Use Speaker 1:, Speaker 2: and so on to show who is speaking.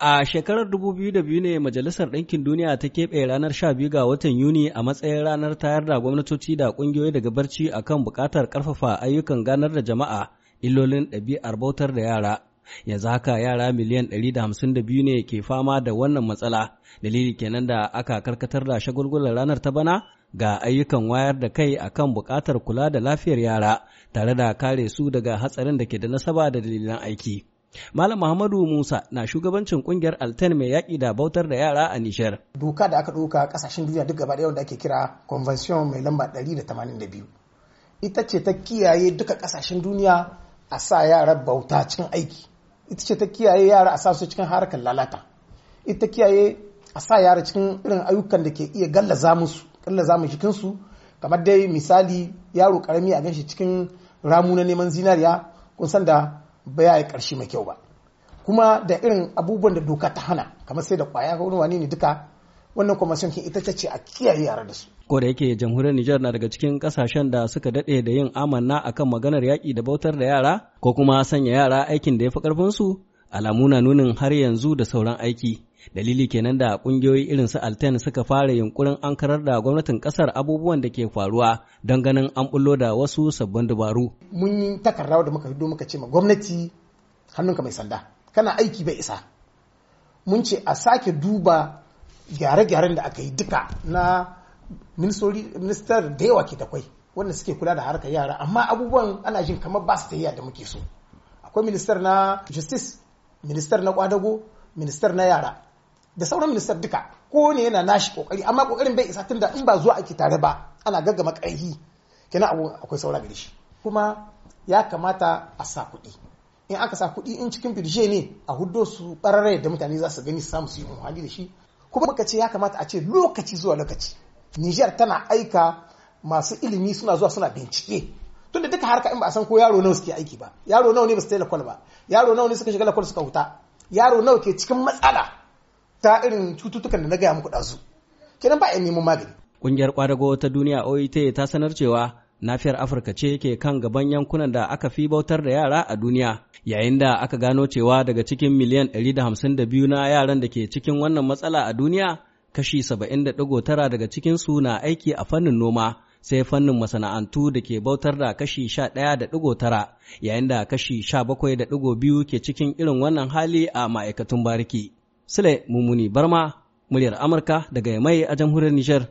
Speaker 1: A shekarar 2002 ne Majalisar Ɗinkin Duniya ta keɓe ranar 12 ga watan Yuni a matsayin ranar tayar da gwamnatoci da ƙungiyoyi daga barci akan buƙatar ƙarfafa ayyukan ganar da jama'a illolin ɗabi'ar bautar da yara. Yanzu haka yara miliyan 152 ne ke fama da wannan matsala, dalili kenan da aka karkatar da shagulgular ranar ta bana ga ayyukan wayar da kai akan buƙatar kula da lafiyar yara tare da kare su daga hatsarin da ke da nasaba da dalilan aiki. Malam Muhammadu Musa na shugabancin kungiyar Alten mai yaƙi da bautar da yara a Nijar.
Speaker 2: Doka da aka ɗauka ƙasashen duniya duk gaba ɗaya wanda ake kira Convention mai lamba 182. Ita ce ta kiyaye duka ƙasashen duniya a sa yara bauta cikin aiki. Ita ce ta kiyaye yara a sa su cikin harkar lalata. Ita kiyaye a sa yara cikin irin ayyukan da ke iya gallaza musu, gallaza mu jikinsu. Kamar dai misali yaro ƙarami a ganshi cikin ramu na neman zinariya kun san da ba ya yi ƙarshe mai kyau ba kuma da irin abubuwan da doka ta hana kamar sai da kwaya ko wani ne duka wannan kuma ke ita ce a kiyaye yara da su
Speaker 1: ko da yake jamhuriyar Nijar na daga cikin kasashen da suka dade da yin amanna akan maganar yaki da bautar da yara ko kuma sanya yara aikin da ya fi su alamu na nunin har yanzu da sauran aiki dalili kenan da kungiyoyi irin su alten suka fara yunkurin an karar da gwamnatin kasar abubuwan da ke faruwa don ganin an bullo da wasu sabbin dabaru
Speaker 2: mun yi takarda da muka hido muka ce ma gwamnati hannunka mai sanda kana aiki bai isa mun ce a sake duba gyare-gyaren da aka yi duka na ministar da yawa ke takwai wanda suke kula da harkar yara amma abubuwan ana jin kamar ba su da da muke so akwai ministar na justice ministar na kwadago ministar na yara da sauran ministar duka ko ne yana nashi kokari amma kokarin bai isa da in ba zuwa ake tare ba ana gaggama ƙarfi kenan abu akwai saura gare shi kuma ya kamata a sa kuɗi in aka sa kuɗi in cikin birje ne a huddo su ɓararre da mutane za su gani su samu su yi umarni da shi kuma muka ce ya kamata a ce lokaci zuwa lokaci Nijar tana aika masu ilimi suna zuwa suna bincike tun da duka harka in ba a san ko yaro nawa suke aiki ba yaro nawa ne ba su taila kwal ba yaro nawa ne suka shiga lakwal suka huta yaro nawa ke cikin matsala ta irin cututtukan da na gaya muku ɗazu kenan ba a neman magani
Speaker 1: ƙungiyar kwadago ta duniya oit e ta sanar cewa nafiyar afirka ce ke kan gaban yankunan da aka fi bautar da yara a duniya yayin da aka gano cewa daga cikin miliyan 152 na yaran da ke cikin wannan matsala a duniya kashi 70.9 daga cikin su na aiki a fannin noma sai fannin masana'antu da ke bautar da kashi sha ɗaya da ɗigo tara yayin da kashi sha bakwai da ɗigo biyu ke cikin irin wannan hali a ma'aikatun bariki. Sule Mumuni Barma, muryar Amurka daga Yamai a jamhuriyar Nijar.